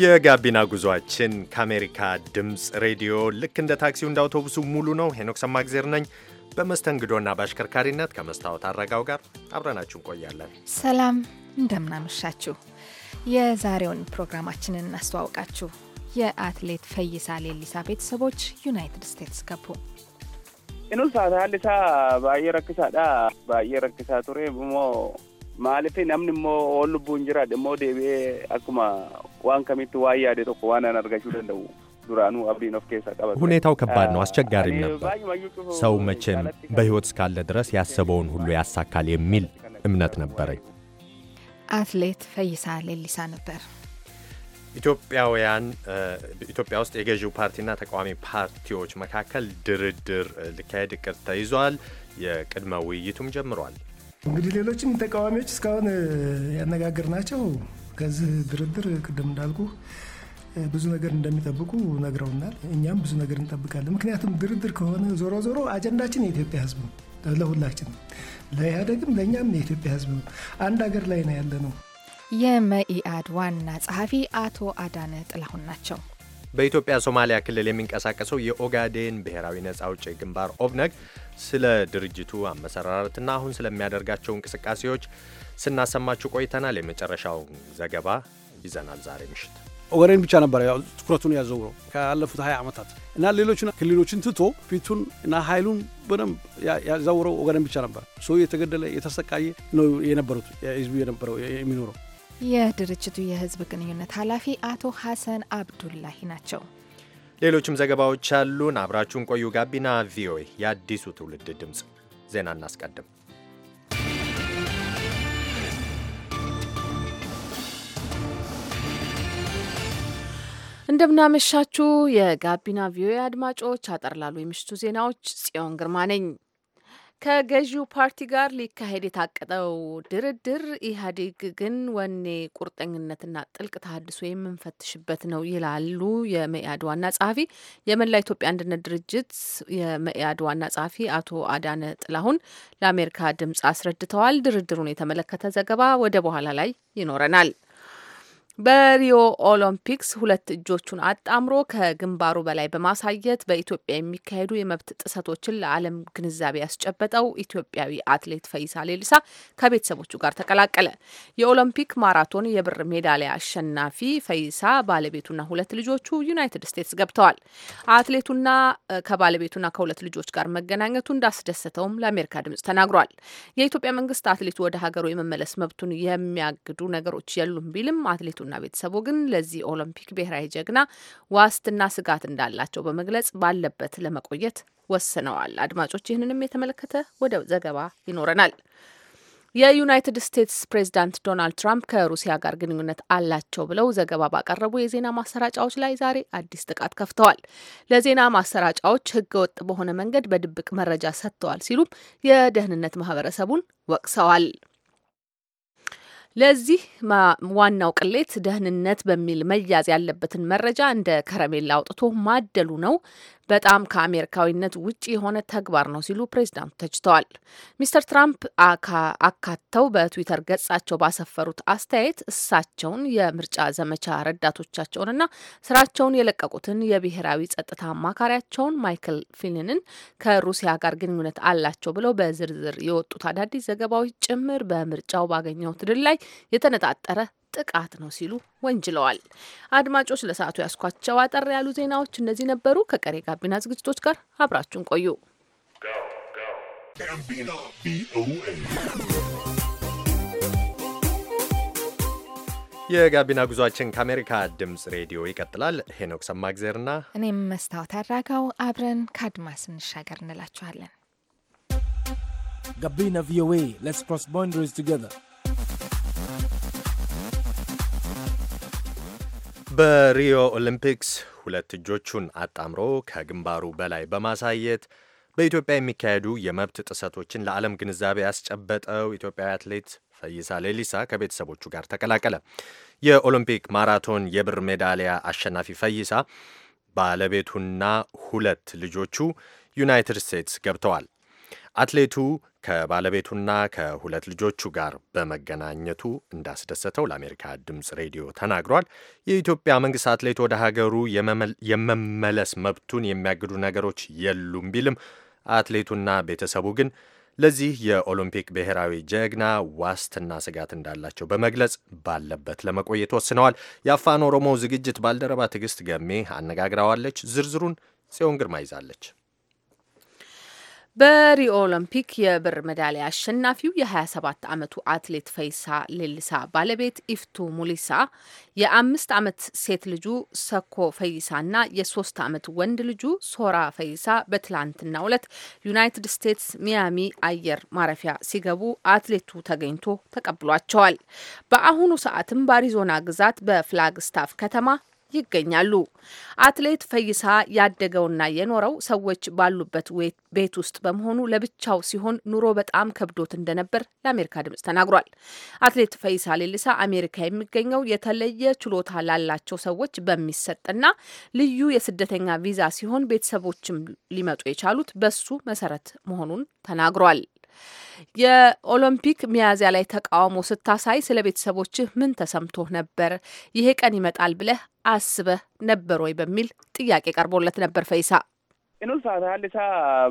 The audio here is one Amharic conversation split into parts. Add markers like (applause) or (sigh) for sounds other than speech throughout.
የጋቢና ጉዟችን ከአሜሪካ ድምፅ ሬዲዮ ልክ እንደ ታክሲው እንደ አውቶቡሱ ሙሉ ነው። ሄኖክ ሰማግዜር ነኝ። በመስተንግዶና በአሽከርካሪነት ከመስታወት አረጋው ጋር አብረናችሁ እንቆያለን። ሰላም እንደምናመሻችሁ። የዛሬውን ፕሮግራማችንን እናስተዋውቃችሁ። የአትሌት ፈይሳ ሌሊሳ ቤተሰቦች ዩናይትድ ስቴትስ ገቡ። ኑሳ ታሊሳ ባየረክሳ ዳ ባየረክሳ ቱሬ ብሞ Maaliif namni immoo oon lubbuun jira dhimmoo deebi'ee akkuma waan kamitti waan yaade tokko waan an argachuu danda'u duraanuu አብዲን of keessaa qabata። ሁኔታው ከባድ ነው፣ ah, አስቸጋሪም ነበር። ሰው መቼም በሕይወት እስካለ ድረስ ያሰበውን ሁሉ ያሳካል የሚል እምነት ነበረኝ። አትሌት ፈይሳ ሌሊሳ ነበር። ኢትዮጵያውያን ኢትዮጵያ ውስጥ የገዢው ፓርቲና ተቃዋሚ ፓርቲዎች መካከል ድርድር ሊካሄድ እቅድ ተይዟል። የቅድመ ውይይቱም ጀምሯል። እንግዲህ ሌሎችም ተቃዋሚዎች እስካሁን ናቸው። ከዚህ ድርድር ቅድም እንዳልኩ ብዙ ነገር እንደሚጠብቁ ነግረውናል። እኛም ብዙ ነገር እንጠብቃለን። ምክንያቱም ድርድር ከሆነ ዞሮ ዞሮ አጀንዳችን የኢትዮጵያ ሕዝብ ነው። ለሁላችን፣ ለኢህአዴግም ለእኛም የኢትዮጵያ ሕዝብ ነው። አንድ ሀገር ላይ ነው ያለ ነው። የመኢአድ ዋና ጸሐፊ አቶ አዳነ ጥላሁን ናቸው። በኢትዮጵያ ሶማሊያ ክልል የሚንቀሳቀሰው የኦጋዴን ብሔራዊ ነጻ አውጪ ግንባር ኦብነግ ስለ ድርጅቱ አመሰራረትና አሁን ስለሚያደርጋቸው እንቅስቃሴዎች ስናሰማችሁ ቆይተናል። የመጨረሻው ዘገባ ይዘናል ዛሬ ምሽት። ወሬን ብቻ ነበረ ያው ትኩረቱን ያዘውረው ካለፉት ሀያ ዓመታት እና ሌሎችን ክልሎችን ትቶ ፊቱን እና ኃይሉን በደንብ ያዛውረው ኦጋዴን ብቻ ነበር። ሰው የተገደለ የተሰቃየ ነው የነበሩት ህዝቡ የነበረው የሚኖረው የድርጅቱ የህዝብ ግንኙነት ኃላፊ አቶ ሀሰን አብዱላሂ ናቸው። ሌሎችም ዘገባዎች አሉን። አብራችሁን ቆዩ። ጋቢና ቪኦኤ የአዲሱ ትውልድ ድምፅ። ዜና እናስቀድም። እንደምናመሻችሁ የጋቢና ቪኦኤ አድማጮች፣ አጠር ላሉ የምሽቱ ዜናዎች ጽዮን ግርማ ነኝ። ከገዢው ፓርቲ ጋር ሊካሄድ የታቀደው ድርድር ኢህአዴግ ግን ወኔ፣ ቁርጠኝነትና ጥልቅ ተሀድሶ የምንፈትሽበት ነው ይላሉ የመኢአድ ዋና ጸሐፊ የመላ ኢትዮጵያ አንድነት ድርጅት የመኢአድ ዋና ጸሐፊ አቶ አዳነ ጥላሁን ለአሜሪካ ድምጽ አስረድተዋል። ድርድሩን የተመለከተ ዘገባ ወደ በኋላ ላይ ይኖረናል። በሪዮ ኦሎምፒክስ ሁለት እጆቹን አጣምሮ ከግንባሩ በላይ በማሳየት በኢትዮጵያ የሚካሄዱ የመብት ጥሰቶችን ለዓለም ግንዛቤ ያስጨበጠው ኢትዮጵያዊ አትሌት ፈይሳ ሌሊሳ ከቤተሰቦቹ ጋር ተቀላቀለ። የኦሎምፒክ ማራቶን የብር ሜዳሊያ አሸናፊ ፈይሳ ባለቤቱና ሁለት ልጆቹ ዩናይትድ ስቴትስ ገብተዋል። አትሌቱና ከባለቤቱና ከሁለት ልጆች ጋር መገናኘቱ እንዳስደሰተውም ለአሜሪካ ድምጽ ተናግሯል። የኢትዮጵያ መንግስት አትሌቱ ወደ ሀገሩ የመመለስ መብቱን የሚያግዱ ነገሮች የሉም ቢልም አትሌቱ እርሳቸውና ቤተሰቡ ግን ለዚህ ኦሎምፒክ ብሔራዊ ጀግና ዋስትና ስጋት እንዳላቸው በመግለጽ ባለበት ለመቆየት ወስነዋል። አድማጮች፣ ይህንንም የተመለከተ ወደ ዘገባ ይኖረናል። የዩናይትድ ስቴትስ ፕሬዚዳንት ዶናልድ ትራምፕ ከሩሲያ ጋር ግንኙነት አላቸው ብለው ዘገባ ባቀረቡ የዜና ማሰራጫዎች ላይ ዛሬ አዲስ ጥቃት ከፍተዋል። ለዜና ማሰራጫዎች ወጥ በሆነ መንገድ በድብቅ መረጃ ሰጥተዋል ሲሉም የደህንነት ማህበረሰቡን ወቅሰዋል። ለዚህ ዋናው ቅሌት ደህንነት በሚል መያዝ ያለበትን መረጃ እንደ ከረሜላ አውጥቶ ማደሉ ነው። በጣም ከአሜሪካዊነት ውጭ የሆነ ተግባር ነው ሲሉ ፕሬዚዳንቱ ተችተዋል። ሚስተር ትራምፕ አካተው በትዊተር ገጻቸው ባሰፈሩት አስተያየት እሳቸውን የምርጫ ዘመቻ ረዳቶቻቸውንና ስራቸውን የለቀቁትን የብሔራዊ ጸጥታ አማካሪያቸውን ማይክል ፊሊንን ከሩሲያ ጋር ግንኙነት አላቸው ብለው በዝርዝር የወጡት አዳዲስ ዘገባዎች ጭምር በምርጫው ባገኘው ትድል ላይ የተነጣጠረ ጥቃት ነው ሲሉ ወንጅለዋል። አድማጮች ለሰዓቱ ያስኳቸው አጠር ያሉ ዜናዎች እነዚህ ነበሩ። ከቀሬ ጋቢና ዝግጅቶች ጋር አብራችሁን ቆዩ። የጋቢና ጉዟችን ከአሜሪካ ድምፅ ሬዲዮ ይቀጥላል። ሄኖክ ሰማግዜርና እኔም መስታወት አድራጋው አብረን ከአድማስ እንሻገር እንላችኋለን። ጋቢና ቪኦኤ ሌትስ ክሮስ ቦንደሪስ ቱጌዘር በሪዮ ኦሊምፒክስ ሁለት እጆቹን አጣምሮ ከግንባሩ በላይ በማሳየት በኢትዮጵያ የሚካሄዱ የመብት ጥሰቶችን ለዓለም ግንዛቤ ያስጨበጠው ኢትዮጵያዊ አትሌት ፈይሳ ሌሊሳ ከቤተሰቦቹ ጋር ተቀላቀለ። የኦሎምፒክ ማራቶን የብር ሜዳሊያ አሸናፊ ፈይሳ ባለቤቱና ሁለት ልጆቹ ዩናይትድ ስቴትስ ገብተዋል። አትሌቱ ከባለቤቱና ከሁለት ልጆቹ ጋር በመገናኘቱ እንዳስደሰተው ለአሜሪካ ድምፅ ሬዲዮ ተናግሯል። የኢትዮጵያ መንግስት አትሌት ወደ ሀገሩ የመመለስ መብቱን የሚያግዱ ነገሮች የሉም ቢልም አትሌቱና ቤተሰቡ ግን ለዚህ የኦሎምፒክ ብሔራዊ ጀግና ዋስትና ስጋት እንዳላቸው በመግለጽ ባለበት ለመቆየት ወስነዋል። የአፋን ኦሮሞ ዝግጅት ባልደረባ ትዕግስት ገሜ አነጋግረዋለች። ዝርዝሩን ጽዮን ግርማ ይዛለች። በሪዮ ኦሎምፒክ የብር ሜዳሊያ አሸናፊው የ27 ዓመቱ አትሌት ፈይሳ ሌሊሳ ባለቤት ኢፍቱ ሙሊሳ የአምስት ዓመት ሴት ልጁ ሰኮ ፈይሳና የሶስት ዓመት ወንድ ልጁ ሶራ ፈይሳ በትላንትናው ዕለት ዩናይትድ ስቴትስ ሚያሚ አየር ማረፊያ ሲገቡ አትሌቱ ተገኝቶ ተቀብሏቸዋል። በአሁኑ ሰዓትም በአሪዞና ግዛት በፍላግስታፍ ከተማ ይገኛሉ። አትሌት ፈይሳ ያደገውና የኖረው ሰዎች ባሉበት ቤት ውስጥ በመሆኑ ለብቻው ሲሆን ኑሮ በጣም ከብዶት እንደነበር ለአሜሪካ ድምጽ ተናግሯል። አትሌት ፈይሳ ሌሊሳ አሜሪካ የሚገኘው የተለየ ችሎታ ላላቸው ሰዎች በሚሰጥና ልዩ የስደተኛ ቪዛ ሲሆን ቤተሰቦችም ሊመጡ የቻሉት በሱ መሰረት መሆኑን ተናግሯል። የኦሎምፒክ ሚያዝያ ላይ ተቃውሞ ስታሳይ ስለ ቤተሰቦችህ ምን ተሰምቶ ነበር? ይሄ ቀን ይመጣል ብለህ አስበህ ነበር ወይ? በሚል ጥያቄ ቀርቦለት ነበር ፈይሳ ኢኑሳ ታሊሳ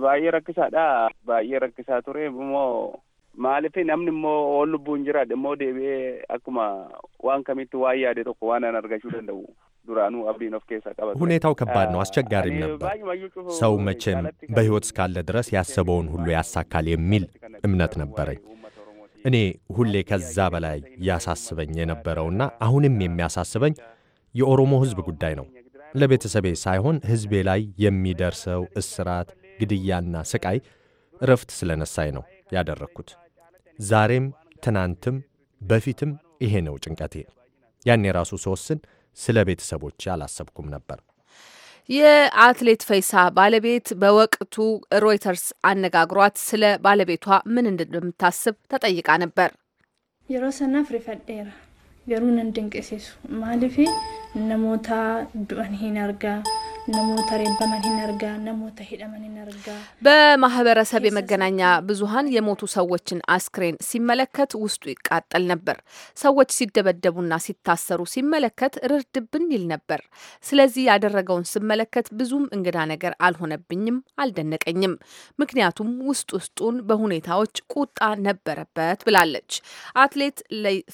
ባየ ረክሳዳ ባየ ረክሳ ቱሬ ሞ ማለቴ ናምኒ ሞ ወን ልቡን ጅራ ሞ ደቤ አኩማ ዋን ከሚት ዋያ ደ ቶኮ ዋናን አርጋሹ አርጋችሁ ዱራኑ አብዲን ኦፍ ኬሳ ቀበ ሁኔታው ከባድ ነው፣ አስቸጋሪም ነበር። ሰው መቼም በሕይወት እስካለ ድረስ ያሰበውን ሁሉ ያሳካል የሚል እምነት ነበረኝ። እኔ ሁሌ ከዛ በላይ ያሳስበኝ የነበረውና አሁንም የሚያሳስበኝ የኦሮሞ ሕዝብ ጉዳይ ነው። ለቤተሰቤ ሳይሆን ሕዝቤ ላይ የሚደርሰው እስራት፣ ግድያና ስቃይ እረፍት ስለነሳኝ ነው ያደረግኩት። ዛሬም ትናንትም በፊትም ይሄ ነው ጭንቀቴ። ያኔ ራሱ ስወስን ስለ ቤተሰቦቼ አላሰብኩም ነበር። የአትሌት ፈይሳ ባለቤት በወቅቱ ሮይተርስ አነጋግሯት ስለ ባለቤቷ ምን እንደምታስብ ተጠይቃ ነበር። የሮሰና ፍሪፈዴራ ገሩን እንድንቅሴሱ ማልፌ እነሞታ ዱአን ሂን አርጋ በማህበረሰብ የመገናኛ ብዙሃን የሞቱ ሰዎችን አስክሬን ሲመለከት ውስጡ ይቃጠል ነበር። ሰዎች ሲደበደቡና ሲታሰሩ ሲመለከት ርድብን ይል ነበር። ስለዚህ ያደረገውን ስመለከት ብዙም እንግዳ ነገር አልሆነብኝም፣ አልደነቀኝም። ምክንያቱም ውስጥ ውስጡን በሁኔታዎች ቁጣ ነበረበት ብላለች። አትሌት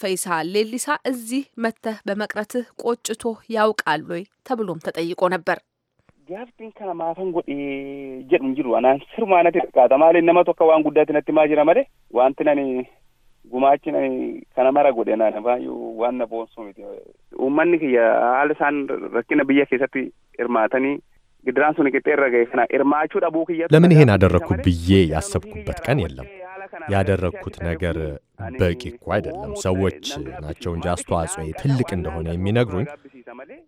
ፈይሳ ሌሊሳ እዚህ መተህ በመቅረትህ ቆጭቶ ያውቃል ወይ ተብሎም ተጠይቆ ነበር። gaaffin kana maafan godhe jedhu hin jiru anaan sirumaa natti xiqqaata maaliin nama tokko waan guddaa natti himaa jira malee wanti nani gumaachi nani kana mara godhe naan baay'ee waan na boonsuu miti. Uummanni kiyya haala isaan rakkina biyya keessatti hirmaatanii gidiraan suni qixxee irra ga'e kana hirmaachuu dhabuu kiyya. Lemin ይሄን አደረግኩ ብዬ ያሰብኩበት ቀን የለም። ያደረግኩት ነገር በቂ እኮ አይደለም። ሰዎች ናቸው እንጂ አስተዋጽኦዬ ትልቅ እንደሆነ የሚነግሩኝ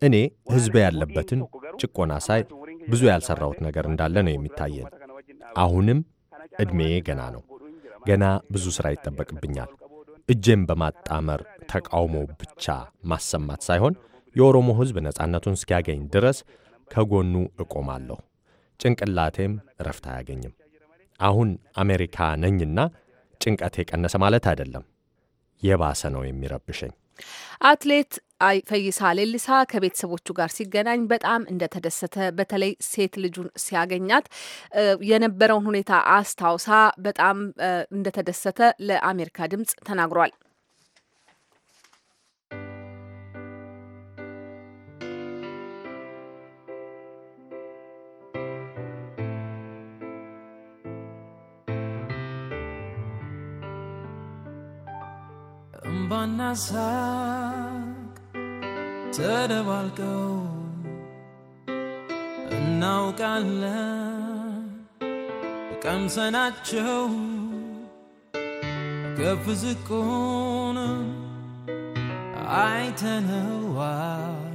እኔ ሕዝብ ያለበትን ጭቆና ሳይ ብዙ ያልሠራሁት ነገር እንዳለ ነው የሚታየን። አሁንም ዕድሜዬ ገና ነው። ገና ብዙ ሥራ ይጠበቅብኛል። እጄም በማጣመር ተቃውሞ ብቻ ማሰማት ሳይሆን የኦሮሞ ሕዝብ ነጻነቱን እስኪያገኝ ድረስ ከጎኑ እቆማለሁ። ጭንቅላቴም እረፍት አያገኝም። አሁን አሜሪካ ነኝና ጭንቀቴ ቀነሰ ማለት አይደለም። የባሰ ነው የሚረብሸኝ። አትሌት ፈይሳ ሌሊሳ ከቤተሰቦቹ ጋር ሲገናኝ በጣም እንደተደሰተ በተለይ ሴት ልጁን ሲያገኛት የነበረውን ሁኔታ አስታውሳ በጣም እንደተደሰተ ለአሜሪካ ድምጽ ተናግሯል። እንባና ሳቅ ተደባልቀው እናውቃለን ቀምሰናቸው ከፍ ዝቁን አይተነዋል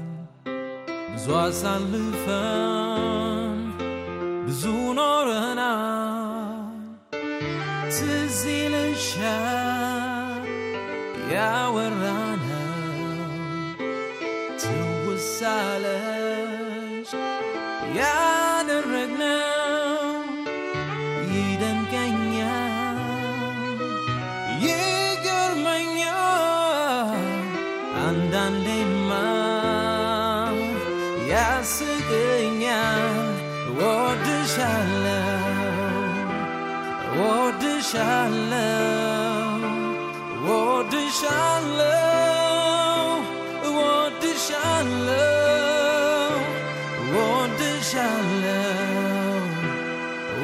ብዙ አሳልፈን ብዙ ኖረናል ትዝ ይልሻል ያወራነው ትውሳለሽ ያደረግነው ይደንቀኛል ይገርመኛል አንዳንዴማ ያስገኛል ወድሻለሁ ወድሻለሁ shine low, want to shine low, want to shine low,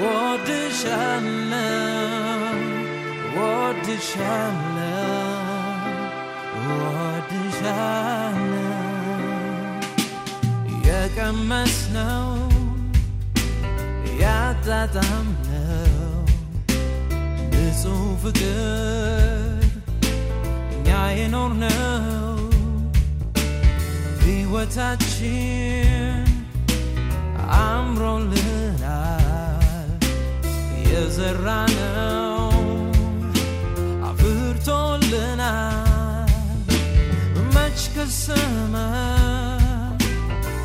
want to shine low, want to shine low, I do now, know. We were touching, I'm rolling out. Yes, I run out. I've heard all the much than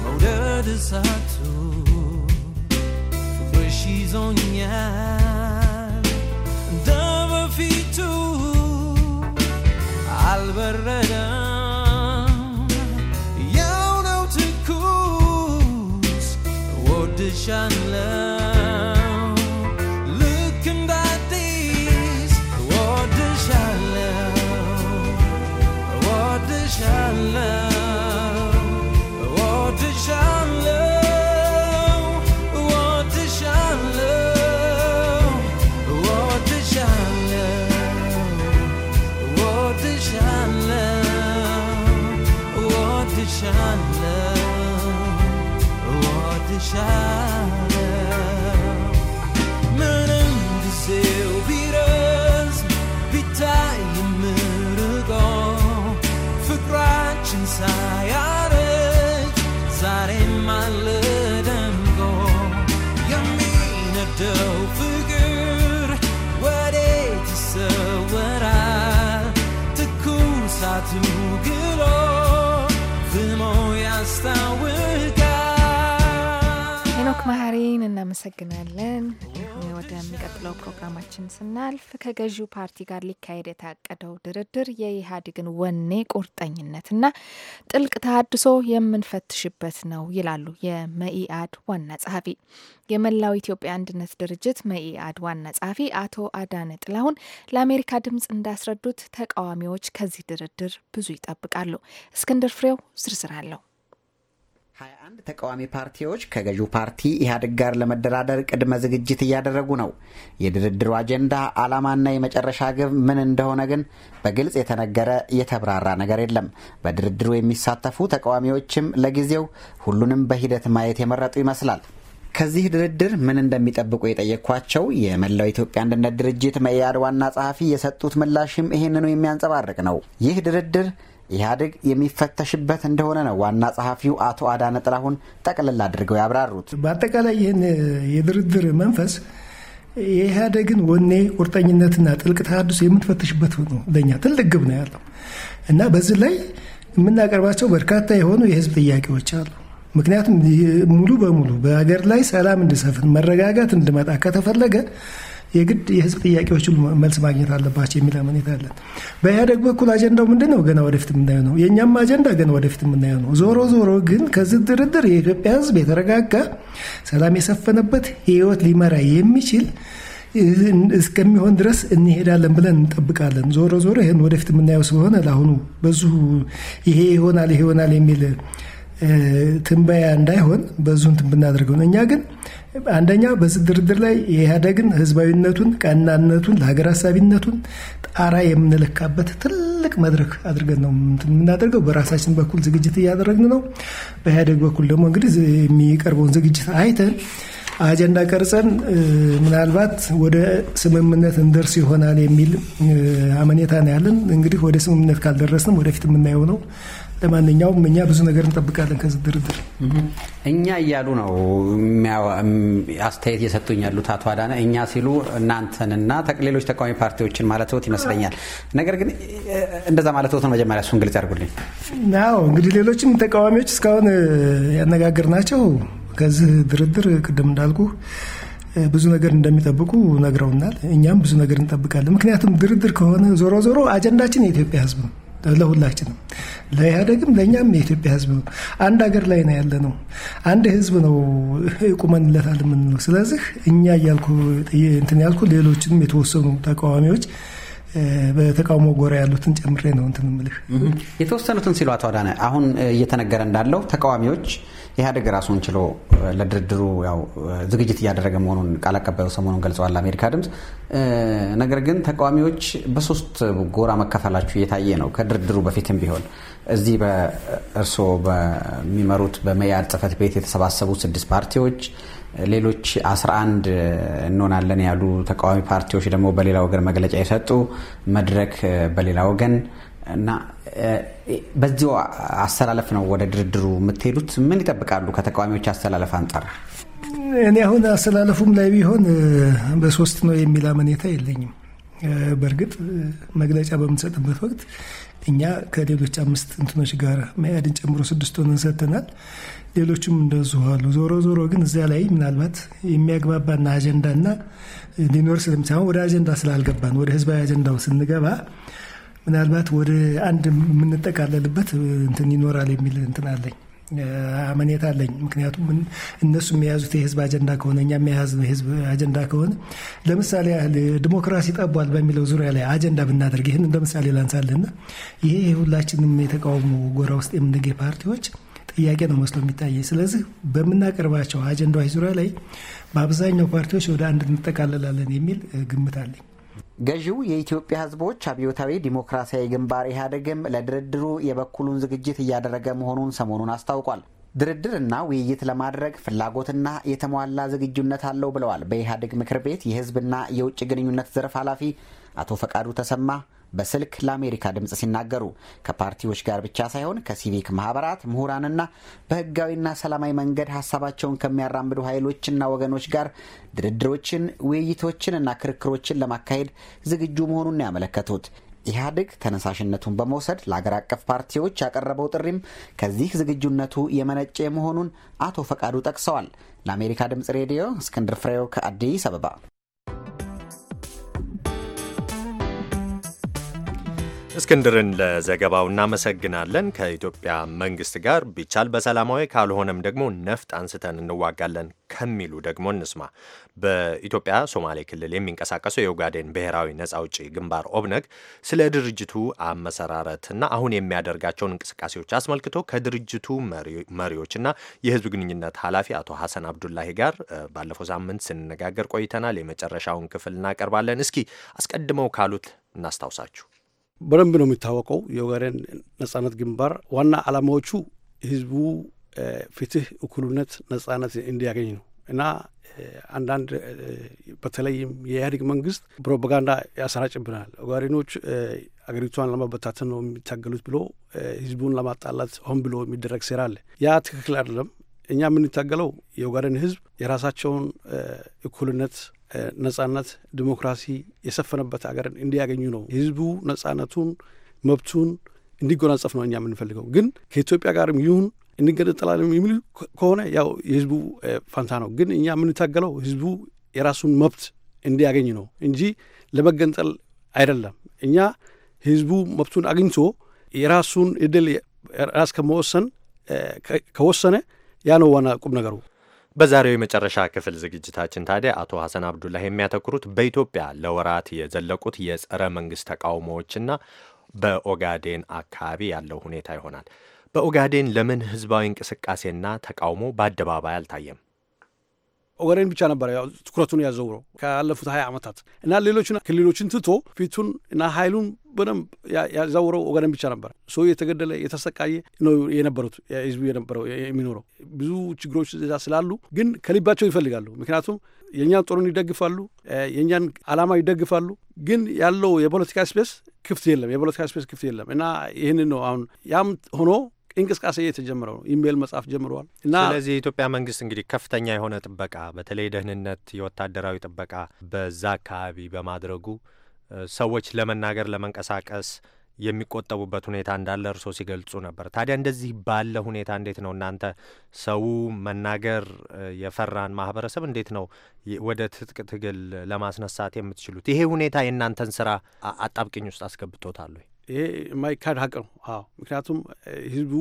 motor desatu. She's on ya. አልበረደም። ያው ነው ትኩስ ወድሻለሁ وادشان من اندسي ቴሌን እናመሰግናለን። ወደሚቀጥለው ፕሮግራማችን ስናልፍ ከገዢው ፓርቲ ጋር ሊካሄድ የታቀደው ድርድር የኢህአዴግን ወኔ ቁርጠኝነትና ጥልቅ ተሃድሶ የምንፈትሽበት ነው ይላሉ የመኢአድ ዋና ጸሐፊ የመላው ኢትዮጵያ አንድነት ድርጅት መኢአድ ዋና ጸሐፊ አቶ አዳነ ጥላሁን ለአሜሪካ ድምፅ እንዳስረዱት ተቃዋሚዎች ከዚህ ድርድር ብዙ ይጠብቃሉ። እስክንድር ፍሬው ዝርዝር አለው። ሀያ አንድ ተቃዋሚ ፓርቲዎች ከገዢው ፓርቲ ኢህአዴግ ጋር ለመደራደር ቅድመ ዝግጅት እያደረጉ ነው። የድርድሩ አጀንዳ ዓላማና የመጨረሻ ግብ ምን እንደሆነ ግን በግልጽ የተነገረ የተብራራ ነገር የለም። በድርድሩ የሚሳተፉ ተቃዋሚዎችም ለጊዜው ሁሉንም በሂደት ማየት የመረጡ ይመስላል። ከዚህ ድርድር ምን እንደሚጠብቁ የጠየቅኳቸው የመላው ኢትዮጵያ አንድነት ድርጅት መኢአድ ዋና ጸሐፊ የሰጡት ምላሽም ይህንኑ የሚያንጸባርቅ ነው። ይህ ድርድር ኢህአዴግ የሚፈተሽበት እንደሆነ ነው ዋና ጸሐፊው አቶ አዳነ ጥላሁን ጠቅልል አድርገው ያብራሩት። በአጠቃላይ ይህን የድርድር መንፈስ የኢህአዴግን ወኔ፣ ቁርጠኝነትና ጥልቅ ተሃድሶ የምትፈትሽበት ነው። ትልቅ ግብ ነው ያለው እና በዚህ ላይ የምናቀርባቸው በርካታ የሆኑ የህዝብ ጥያቄዎች አሉ። ምክንያቱም ሙሉ በሙሉ በሀገር ላይ ሰላም እንዲሰፍን መረጋጋት እንዲመጣ ከተፈለገ የግድ የህዝብ ጥያቄዎችን መልስ ማግኘት አለባቸው የሚል አመኔታ አለን። በኢህአደግ በኩል አጀንዳው ምንድን ነው? ገና ወደፊት የምናየው ነው። የእኛም አጀንዳ ገና ወደፊት የምናየው ነው። ዞሮ ዞሮ ግን ከዚህ ድርድር የኢትዮጵያ ህዝብ የተረጋጋ ሰላም የሰፈነበት ህይወት ሊመራ የሚችል እስከሚሆን ድረስ እንሄዳለን ብለን እንጠብቃለን። ዞሮ ዞሮ ይህን ወደፊት የምናየው ስለሆነ ለአሁኑ በዙ ይሄ ይሆናል ይሆናል የሚል ትንበያ እንዳይሆን በዙን ብናደርገው ነው። እኛ ግን አንደኛ በዚህ ድርድር ላይ የኢህአደግን ህዝባዊነቱን፣ ቀናነቱን፣ ለሀገር ሀሳቢነቱን ጣራ የምንለካበት ትልቅ መድረክ አድርገን ነው የምናደርገው። በራሳችን በኩል ዝግጅት እያደረግን ነው። በኢህአደግ በኩል ደግሞ እንግዲህ የሚቀርበውን ዝግጅት አይተን አጀንዳ ቀርጸን ምናልባት ወደ ስምምነት እንደርስ ይሆናል የሚል አመኔታ ነው ያለን። እንግዲህ ወደ ስምምነት ካልደረስንም ወደፊት የምናየው ነው። ለማንኛውም እኛ ብዙ ነገር እንጠብቃለን ከዚህ ድርድር። እኛ እያሉ ነው አስተያየት እየሰጡኝ ያሉት አቶ አዳነ። እኛ ሲሉ እናንተንና ሌሎች ተቃዋሚ ፓርቲዎችን ማለት ወት ይመስለኛል። ነገር ግን እንደዛ ማለት ወት ነው። መጀመሪያ እሱን ግልጽ ያርጉልኝ። አዎ እንግዲህ ሌሎችም ተቃዋሚዎች እስካሁን ያነጋገር ናቸው ከዚህ ድርድር ቅድም እንዳልኩ ብዙ ነገር እንደሚጠብቁ ነግረውናል። እኛም ብዙ ነገር እንጠብቃለን። ምክንያቱም ድርድር ከሆነ ዞሮ ዞሮ አጀንዳችን የኢትዮጵያ ሕዝብ ነው። ለሁላችንም፣ ለኢህአደግም ለእኛም የኢትዮጵያ ህዝብ ነው። አንድ ሀገር ላይ ነው ያለ ነው። አንድ ህዝብ ነው ቁመንለታል የምንለው። ስለዚህ እኛ እያልኩ እንትን ያልኩ ሌሎችንም የተወሰኑ ተቃዋሚዎች በተቃውሞ ጎራ ያሉትን ጨምሬ ነው እንትን ምልህ የተወሰኑትን ሲሉ አቶ አዳነ አሁን እየተነገረ እንዳለው ተቃዋሚዎች ኢህአዴግ ራሱን ችሎ ለድርድሩ ያው ዝግጅት እያደረገ መሆኑን ቃል አቀባዩ ሰሞኑን ገልጸዋል ለአሜሪካ ድምፅ። ነገር ግን ተቃዋሚዎች በሶስት ጎራ መከፈላችሁ እየታየ ነው። ከድርድሩ በፊትም ቢሆን እዚህ በእርስዎ በሚመሩት በመያድ ጽህፈት ቤት የተሰባሰቡ ስድስት ፓርቲዎች ሌሎች 11 እንሆናለን ያሉ ተቃዋሚ ፓርቲዎች ደግሞ በሌላ ወገን መግለጫ የሰጡ መድረክ በሌላ ወገን እና በዚሁ አሰላለፍ ነው ወደ ድርድሩ የምትሄዱት? ምን ይጠብቃሉ ከተቃዋሚዎች አሰላለፍ አንጻር? እኔ አሁን አሰላለፉም ላይ ቢሆን በሶስት ነው የሚል አመኔታ የለኝም። በእርግጥ መግለጫ በምንሰጥበት ወቅት እኛ ከሌሎች አምስት እንትኖች ጋር መያድን ጨምሮ ስድስት ሆነን ሰጥተናል። ሌሎችም እንደዚሁ አሉ። ዞሮ ዞሮ ግን እዚያ ላይ ምናልባት የሚያግባባና አጀንዳና ሊኖር ስለም ሳይሆን ወደ አጀንዳ ስላልገባን ወደ ህዝባዊ አጀንዳው ስንገባ ምናልባት ወደ አንድ የምንጠቃለልበት እንትን ይኖራል የሚል እንትን አለኝ አመኔት አለኝ። ምክንያቱም እነሱ የያዙት የህዝብ አጀንዳ ከሆነ እኛ የያዝ የህዝብ አጀንዳ ከሆነ ለምሳሌ ያህል ዲሞክራሲ ጠቧል በሚለው ዙሪያ ላይ አጀንዳ ብናደርግ ይህን እንደምሳሌ ምሳሌ ላንሳልና ይሄ ሁላችንም የተቃውሞ ጎራ ውስጥ የምንገኝ ፓርቲዎች ጥያቄ ነው መስሎ የሚታየ። ስለዚህ በምናቀርባቸው አጀንዳዎች ዙሪያ ላይ በአብዛኛው ፓርቲዎች ወደ አንድ እንጠቃለላለን የሚል ግምት አለኝ። ገዢው የኢትዮጵያ ሕዝቦች አብዮታዊ ዲሞክራሲያዊ ግንባር ኢህአዴግም ለድርድሩ የበኩሉን ዝግጅት እያደረገ መሆኑን ሰሞኑን አስታውቋል። ድርድርና ውይይት ለማድረግ ፍላጎትና የተሟላ ዝግጁነት አለው ብለዋል በኢህአዴግ ምክር ቤት የህዝብና የውጭ ግንኙነት ዘርፍ ኃላፊ አቶ ፈቃዱ ተሰማ በስልክ ለአሜሪካ ድምፅ ሲናገሩ ከፓርቲዎች ጋር ብቻ ሳይሆን ከሲቪክ ማህበራት ምሁራንና በህጋዊና ሰላማዊ መንገድ ሀሳባቸውን ከሚያራምዱ ኃይሎችና ወገኖች ጋር ድርድሮችን፣ ውይይቶችንና ክርክሮችን ለማካሄድ ዝግጁ መሆኑን ያመለከቱት ኢህአዴግ ተነሳሽነቱን በመውሰድ ለአገር አቀፍ ፓርቲዎች ያቀረበው ጥሪም ከዚህ ዝግጁነቱ የመነጨ መሆኑን አቶ ፈቃዱ ጠቅሰዋል። ለአሜሪካ ድምፅ ሬዲዮ እስክንድር ፍሬው ከአዲስ አበባ እስክንድርን ለዘገባው እናመሰግናለን። ከኢትዮጵያ መንግስት ጋር ቢቻል በሰላማዊ ካልሆነም ደግሞ ነፍጥ አንስተን እንዋጋለን ከሚሉ ደግሞ እንስማ። በኢትዮጵያ ሶማሌ ክልል የሚንቀሳቀሰው የኦጋዴን ብሔራዊ ነጻ አውጪ ግንባር ኦብነግ ስለ ድርጅቱ አመሰራረትና አሁን የሚያደርጋቸውን እንቅስቃሴዎች አስመልክቶ ከድርጅቱ መሪዎችና የህዝብ ግንኙነት ኃላፊ አቶ ሀሰን አብዱላሂ ጋር ባለፈው ሳምንት ስንነጋገር ቆይተናል። የመጨረሻውን ክፍል እናቀርባለን። እስኪ አስቀድመው ካሉት እናስታውሳችሁ። በደንብ ነው የሚታወቀው። የወገሬን ነጻነት ግንባር ዋና አላማዎቹ ህዝቡ ፍትህ፣ እኩልነት፣ ነጻነት እንዲያገኝ ነው እና አንዳንድ በተለይም የኢህአዴግ መንግስት ፕሮፓጋንዳ ያሰራጭብናል። ጓሪኖች አገሪቷን ለማበታተን ነው የሚታገሉት ብሎ ህዝቡን ለማጣላት ሆን ብሎ የሚደረግ ሴራ አለ። ያ ትክክል አይደለም። እኛ የምንታገለው የኡጋዴን ህዝብ የራሳቸውን እኩልነት፣ ነጻነት፣ ዲሞክራሲ የሰፈነበት ሀገርን እንዲያገኙ ነው። ህዝቡ ነጻነቱን መብቱን እንዲጎናጸፍ ነው እኛ የምንፈልገው። ግን ከኢትዮጵያ ጋርም ይሁን እንገነጠላለን የሚል ከሆነ ያው የህዝቡ ፋንታ ነው። ግን እኛ የምንታገለው ህዝቡ የራሱን መብት እንዲያገኝ ነው እንጂ ለመገንጠል አይደለም። እኛ ህዝቡ መብቱን አግኝቶ የራሱን እድል ራስ ከመወሰን ከወሰነ ያ ነው ዋና ቁም ነገሩ። በዛሬው የመጨረሻ ክፍል ዝግጅታችን ታዲያ አቶ ሀሰን አብዱላህ የሚያተኩሩት በኢትዮጵያ ለወራት የዘለቁት የጸረ መንግስት ተቃውሞዎችና በኦጋዴን አካባቢ ያለው ሁኔታ ይሆናል። በኦጋዴን ለምን ህዝባዊ እንቅስቃሴና ተቃውሞ በአደባባይ አልታየም? ኦጋዴን ብቻ ነበረ ትኩረቱን ያዘውረው ካለፉት ሀያ ዓመታት እና ሌሎች ክልሎችን ትቶ ፊቱን እና ኃይሉን በደንብ ያዛውረው ኦጋዴን ብቻ ነበረ። ሰው የተገደለ የተሰቃየ ነው የነበሩት ህዝቡ የነበረው የሚኖረው ብዙ ችግሮች እዛ ስላሉ ግን ከልባቸው ይፈልጋሉ። ምክንያቱም የእኛን ጦርን ይደግፋሉ፣ የእኛን አላማ ይደግፋሉ። ግን ያለው የፖለቲካ ስፔስ ክፍት የለም፣ የፖለቲካ ስፔስ ክፍት የለም እና ይህንን ነው አሁን ያም ሆኖ እንቅስቃሴ የተጀመረው ነው። ኢሜይል መጻፍ ጀምረዋል እና ስለዚህ የኢትዮጵያ መንግስት እንግዲህ ከፍተኛ የሆነ ጥበቃ በተለይ ደህንነት፣ የወታደራዊ ጥበቃ በዛ አካባቢ በማድረጉ ሰዎች ለመናገር ለመንቀሳቀስ የሚቆጠቡበት ሁኔታ እንዳለ እርስዎ ሲገልጹ ነበር። ታዲያ እንደዚህ ባለ ሁኔታ እንዴት ነው እናንተ ሰው መናገር የፈራን ማህበረሰብ እንዴት ነው ወደ ትጥቅ ትግል ለማስነሳት የምትችሉት? ይሄ ሁኔታ የእናንተን ስራ አጣብቅኝ ውስጥ አስገብቶታል ወይ? ይሄ የማይካድ ሀቅ ነው። አዎ ምክንያቱም ህዝቡ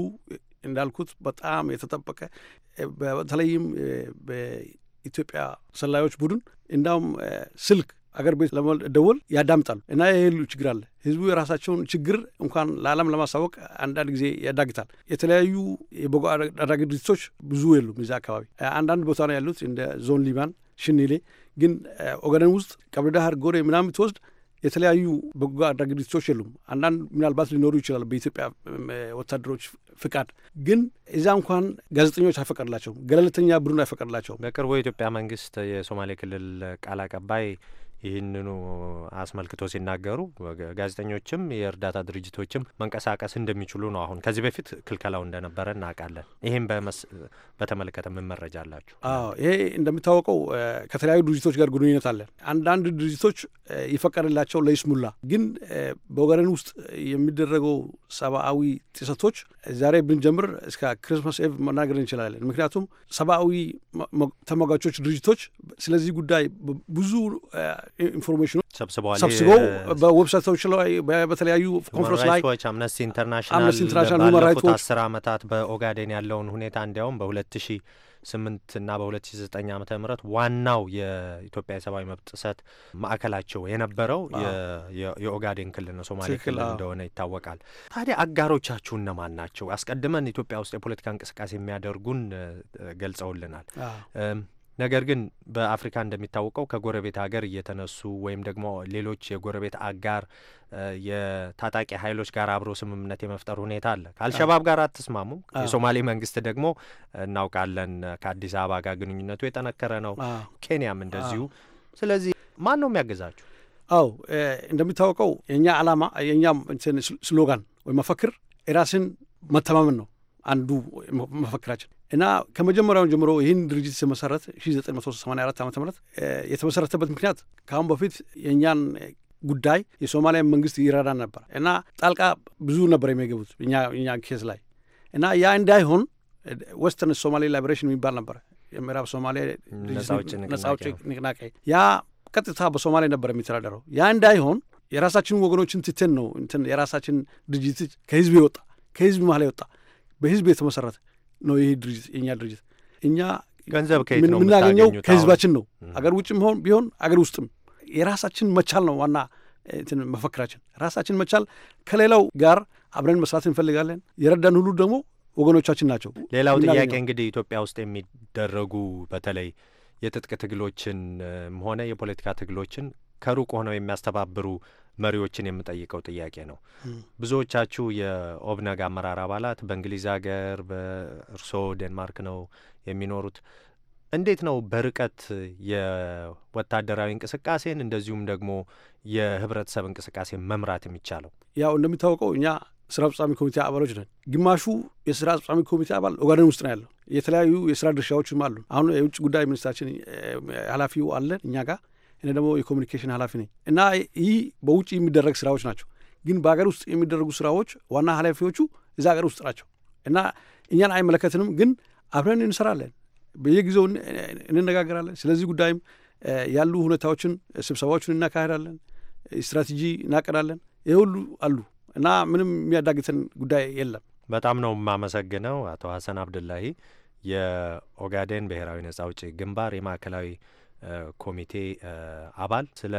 እንዳልኩት በጣም የተጠበቀ በተለይም በኢትዮጵያ ሰላዮች ቡድን እንዳውም ስልክ አገር ቤት ለመደወል ያዳምጣሉ እና የህሉ ችግር አለ። ህዝቡ የራሳቸውን ችግር እንኳን ለዓለም ለማሳወቅ አንዳንድ ጊዜ ያዳግታል። የተለያዩ የበጎ አድራጊ ድርጅቶች ብዙ የሉም እዚያ አካባቢ። አንዳንድ ቦታ ነው ያሉት እንደ ዞን ሊባን፣ ሽኒሌ ግን ኦገደን ውስጥ ቀብሪ ዳህር፣ ጎሬ ምናምን ትወስድ የተለያዩ በጎ አድራጊ ድርጅቶች የሉም። አንዳንድ ምናልባት ሊኖሩ ይችላል በኢትዮጵያ ወታደሮች ፍቃድ፣ ግን እዛ እንኳን ጋዜጠኞች አይፈቀድላቸውም፣ ገለልተኛ ቡድን አይፈቀድላቸውም። በቅርቡ የኢትዮጵያ መንግስት የሶማሌ ክልል ቃል አቀባይ ይህንኑ አስመልክቶ ሲናገሩ ጋዜጠኞችም የእርዳታ ድርጅቶችም መንቀሳቀስ እንደሚችሉ ነው። አሁን ከዚህ በፊት ክልከላው እንደነበረ እናውቃለን። ይህም በተመለከተ ምን መረጃ አላችሁ? አዎ ይሄ እንደሚታወቀው ከተለያዩ ድርጅቶች ጋር ግንኙነት አለን። አንዳንድ ድርጅቶች ይፈቀድላቸው ለይስሙላ፣ ግን በወገን ውስጥ የሚደረገው ሰብአዊ ጥሰቶች ዛሬ ብንጀምር እስከ ክሪስማስ ኤቭ መናገር እንችላለን። ምክንያቱም ሰብአዊ ተሟጋቾች ድርጅቶች ስለዚህ ጉዳይ ብዙ ኢንፎርሜሽኑ ሰብስበው በዌብሳይቶች ላይ በተለያዩ ኮንፈረንስ ላይ አምነስቲ ኢንተርናሽናል ኢንተርናሽናል ራይት ዎች አስር አመታት በኦጋዴን ያለውን ሁኔታ እንዲያውም በሁለት ሺ ስምንት እና በሁለት ሺ ዘጠኝ አመተ ምህረት ዋናው የኢትዮጵያ የሰብአዊ መብት ጥሰት ማዕከላቸው የነበረው የኦጋዴን ክልል ነው፣ ሶማሌ ክልል እንደሆነ ይታወቃል። ታዲያ አጋሮቻችሁ እነማን ናቸው? አስቀድመን ኢትዮጵያ ውስጥ የፖለቲካ እንቅስቃሴ የሚያደርጉን ገልጸውልናል። ነገር ግን በአፍሪካ እንደሚታወቀው ከጎረቤት ሀገር እየተነሱ ወይም ደግሞ ሌሎች የጎረቤት አጋር የታጣቂ ኃይሎች ጋር አብሮ ስምምነት የመፍጠር ሁኔታ አለ። ከአልሸባብ ጋር አትስማሙም። የሶማሌ መንግስት ደግሞ እናውቃለን ከአዲስ አበባ ጋር ግንኙነቱ የጠነከረ ነው። ኬንያም እንደዚሁ። ስለዚህ ማን ነው የሚያገዛችሁ? አው እንደሚታወቀው የእኛ ዓላማ የእኛ ስሎጋን ወይ መፈክር የራስን መተማመን ነው። አንዱ መፈክራችን እና ከመጀመሪያውን ጀምሮ ይህን ድርጅት ሲመሰረት 1984 ዓ ም የተመሰረተበት ምክንያት ከአሁን በፊት የእኛን ጉዳይ የሶማሊያ መንግስት ይረዳ ነበር እና ጣልቃ ብዙ ነበር የሚገቡት እኛ ኬስ ላይ እና ያ እንዳይሆን ወስተን ሶማሌ ላይብሬሽን የሚባል ነበር የምዕራብ ሶማሌ ነጻ ንቅናቄ ያ ቀጥታ በሶማሌ ነበር የሚተዳደረው። ያ እንዳይሆን የራሳችን ወገኖችን ትተን ነው የራሳችን ድርጅት ከህዝብ የወጣ ከህዝብ መሀል የወጣ በህዝብ የተመሰረተ ነው ይሄ ድርጅት የእኛ ድርጅት። እኛ ገንዘብ ከየት ነው የምናገኘው? ከህዝባችን ነው። አገር ውጭም ሆን ቢሆን አገር ውስጥም የራሳችን መቻል ነው ዋና መፈክራችን። ራሳችን መቻል ከሌላው ጋር አብረን መስራት እንፈልጋለን። የረዳን ሁሉ ደግሞ ወገኖቻችን ናቸው። ሌላው ጥያቄ እንግዲህ ኢትዮጵያ ውስጥ የሚደረጉ በተለይ የትጥቅ ትግሎችን ሆነ የፖለቲካ ትግሎችን ከሩቅ ሆነው የሚያስተባብሩ መሪዎችን የምጠይቀው ጥያቄ ነው። ብዙዎቻችሁ የኦብነግ አመራር አባላት በእንግሊዝ ሀገር በእርሶ ዴንማርክ ነው የሚኖሩት። እንዴት ነው በርቀት የወታደራዊ እንቅስቃሴን እንደዚሁም ደግሞ የህብረተሰብ እንቅስቃሴ መምራት የሚቻለው? ያው እንደሚታወቀው እኛ ስራ አስፈጻሚ ኮሚቴ አባሎች ነን። ግማሹ የስራ አስፈጻሚ ኮሚቴ አባል ኦጋደን ውስጥ ነው ያለው። የተለያዩ የስራ ድርሻዎችም አሉ። አሁን የውጭ ጉዳይ ሚኒስትራችን ኃላፊው አለን እኛ ጋር እኔ ደግሞ የኮሚኒኬሽን ኃላፊ ነኝ እና ይህ በውጭ የሚደረግ ስራዎች ናቸው። ግን በሀገር ውስጥ የሚደረጉ ስራዎች ዋና ኃላፊዎቹ እዛ ሀገር ውስጥ ናቸው እና እኛን አይመለከትንም። ግን አብረን እንሰራለን፣ በየጊዜው እንነጋገራለን። ስለዚህ ጉዳይም ያሉ ሁኔታዎችን ስብሰባዎችን እናካሄዳለን፣ ስትራቴጂ እናቀዳለን። ይህ ሁሉ አሉ እና ምንም የሚያዳግተን ጉዳይ የለም። በጣም ነው የማመሰግነው አቶ ሀሰን አብድላሂ የኦጋዴን ብሔራዊ ነጻ አውጪ ግንባር የማዕከላዊ ኮሚቴ አባል ስለ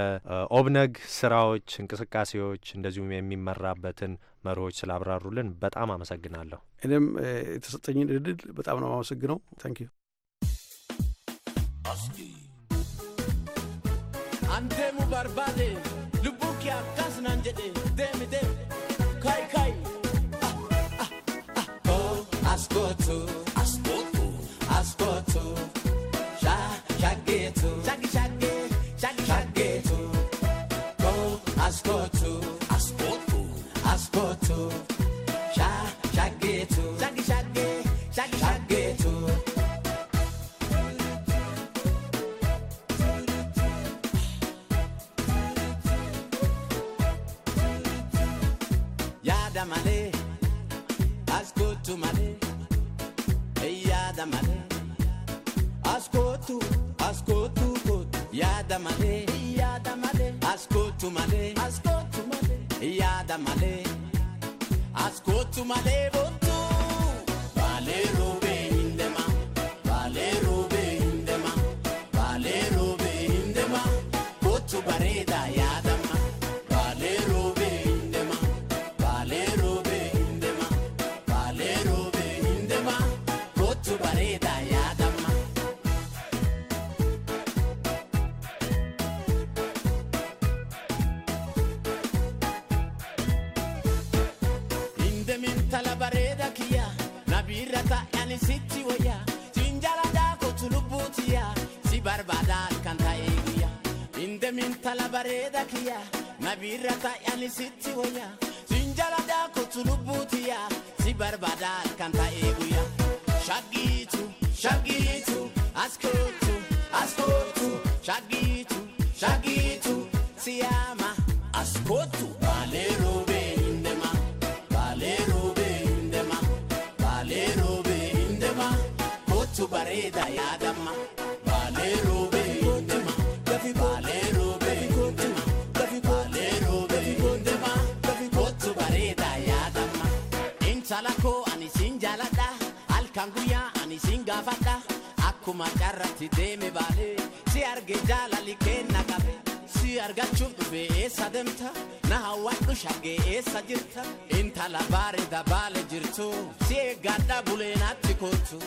ኦብነግ ስራዎች፣ እንቅስቃሴዎች እንደዚሁም የሚመራበትን መሪዎች ስላብራሩልን በጣም አመሰግናለሁ። እኔም የተሰጠኝን እድል በጣም ነው አመሰግነው። ታንኪዩ። አንቴሙ ባርባዴ ልቡኪ አካስናን ጀዴ ደም ካይ ካይ አስኮቱ አስኮቱ አስኮቱ Ascolto, ascolto, ascolto. Ascooltu malee yaada malee ascooltu malee. ani sitti wayya siin jala daakotu si barbaada kan ta'ee guyya shagiitu shagiitu askootu askootu shagiitu shagiitu siyaama askootu baalee roobee akkuma deeme baalee si arge jaalali kenna qabe si argachuuf dhufe eessa deemta na hawwadhu shagee eessa jirta intala bareeda baale jirtu si eeggadha buleenatti kootu.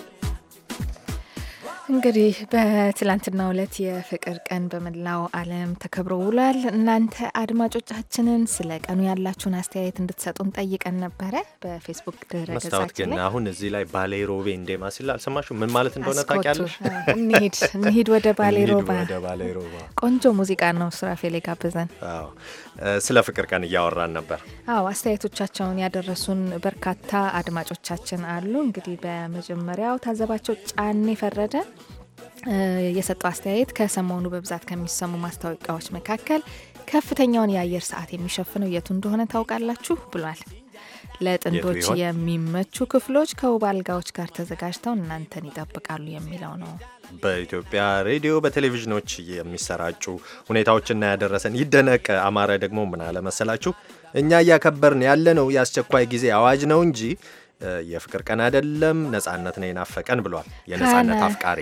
እንግዲህ በትላንትና ዕለት የፍቅር ቀን በመላው ዓለም ተከብሮ ውሏል። እናንተ አድማጮቻችንን ስለ ቀኑ ያላችሁን አስተያየት እንድትሰጡን ጠይቀን ነበረ በፌስቡክ ድረ ግን አሁን እዚህ ላይ ባሌ ሮቤ እንዴማ ሲል አልሰማሽም? ምን ማለት እንደሆነ ታውቂያለሽ? (laughs) እንሂድ እንሂድ ወደ ባሌ ሮባ። ቆንጆ ሙዚቃ ነው። ሱራፌል ጋብዘን ስለ ፍቅር ቀን እያወራን ነበር። አዎ አስተያየቶቻቸውን ያደረሱን በርካታ አድማጮቻችን አሉ። እንግዲህ በመጀመሪያው ታዘባቸው ጫኔ ፈረደ የሰጠው አስተያየት ከሰሞኑ በብዛት ከሚሰሙ ማስታወቂያዎች መካከል ከፍተኛውን የአየር ሰዓት የሚሸፍነው የቱ እንደሆነ ታውቃላችሁ ብሏል። ለጥንዶች የሚመቹ ክፍሎች ከውብ አልጋዎች ጋር ተዘጋጅተው እናንተን ይጠብቃሉ የሚለው ነው። በኢትዮጵያ ሬዲዮ፣ በቴሌቪዥኖች የሚሰራጩ ሁኔታዎችና ያደረሰን ይደነቅ አማረ ደግሞ ምን አለ መሰላችሁ እኛ እያከበርን ያለነው የአስቸኳይ ጊዜ አዋጅ ነው እንጂ የፍቅር ቀን አይደለም፣ ነጻነት ነው የናፈቀን ብሏል። የነጻነት አፍቃሪ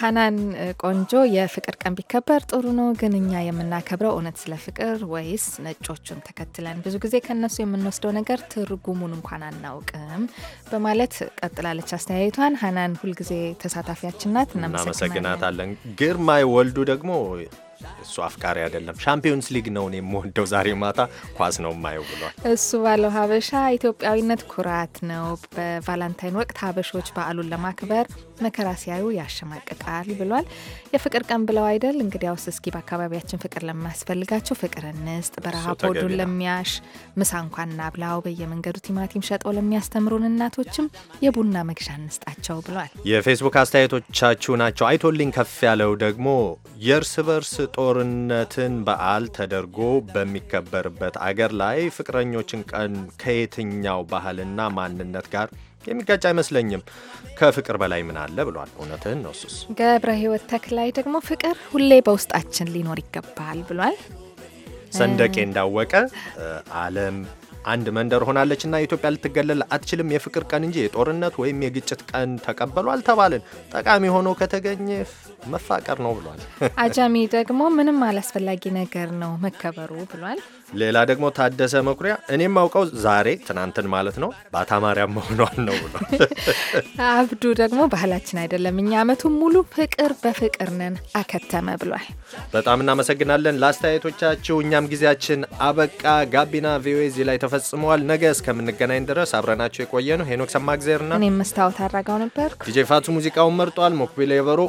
ሀናን ቆንጆ የፍቅር ቀን ቢከበር ጥሩ ነው፣ ግን እኛ የምናከብረው እውነት ስለ ፍቅር ወይስ ነጮቹን ተከትለን? ብዙ ጊዜ ከነሱ የምንወስደው ነገር ትርጉሙን እንኳን አናውቅም በማለት ቀጥላለች አስተያየቷን። ሀናን ሁልጊዜ ተሳታፊያችን ናት፣ እናመሰግናታለን። ግርማይ ወልዱ ደግሞ እሱ አፍቃሪ አይደለም። ሻምፒዮንስ ሊግ ነው እኔ የምወደው፣ ዛሬ ማታ ኳስ ነው የማየው ብሏል። እሱ ባለው ሀበሻ ኢትዮጵያዊነት ኩራት ነው። በቫላንታይን ወቅት ሀበሾች በዓሉን ለማክበር መከራ ሲያዩ ያሸማቅቃል ብሏል። የፍቅር ቀን ብለው አይደል? እንግዲያውስ እስኪ በአካባቢያችን ፍቅር ለሚያስፈልጋቸው ፍቅር እንስጥ፣ በረሃ ሆዱን ለሚያሽ ምሳ እንኳን እናብላው፣ በየመንገዱ ቲማቲም ሸጠው ለሚያስተምሩን እናቶችም የቡና መግዣ እንስጣቸው ብሏል። የፌስቡክ አስተያየቶቻችሁ ናቸው። አይቶልኝ ከፍ ያለው ደግሞ የእርስ በርስ ጦርነትን በዓል ተደርጎ በሚከበርበት አገር ላይ ፍቅረኞችን ቀን ከየትኛው ባህልና ማንነት ጋር የሚጋጭ አይመስለኝም። ከፍቅር በላይ ምን አለ ብሏል። እውነትህን ነው። እሱስ ገብረ ህይወት ተክላይ ደግሞ ፍቅር ሁሌ በውስጣችን ሊኖር ይገባል ብሏል። ሰንደቄ እንዳወቀ አለም አንድ መንደር ሆናለች ና ኢትዮጵያ ልትገለል አትችልም። የፍቅር ቀን እንጂ የጦርነት ወይም የግጭት ቀን ተቀበሉ አልተባልን። ጠቃሚ ሆኖ ከተገኘ መፋቀር ነው ብሏል። አጃሚ ደግሞ ምንም አላስፈላጊ ነገር ነው መከበሩ ብሏል። ሌላ ደግሞ ታደሰ መኩሪያ እኔም ማውቀው ዛሬ ትናንትን ማለት ነው ባታ ማርያም መሆኗን ነው ብሎ አብዱ ደግሞ ባህላችን አይደለም እኛ አመቱን ሙሉ ፍቅር በፍቅር ነን አከተመ ብሏል። በጣም እናመሰግናለን ለአስተያየቶቻችሁ። እኛም ጊዜያችን አበቃ። ጋቢና ቪኦኤ እዚህ ላይ ተፈጽመዋል። ነገ እስከምንገናኝ ድረስ አብረናቸው የቆየ ነው ሄኖክ ሰማግዜርና እኔም መስታወት አድራጋው ነበር። ዲጄ ፋቱ ሙዚቃውን መርጧል። ሞክቢል የበሮ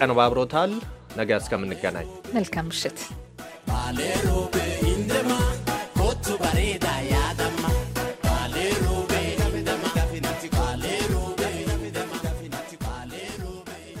ቀንባብሮታል ነገ እስከምንገናኝ መልካም ምሽት። Malee be hin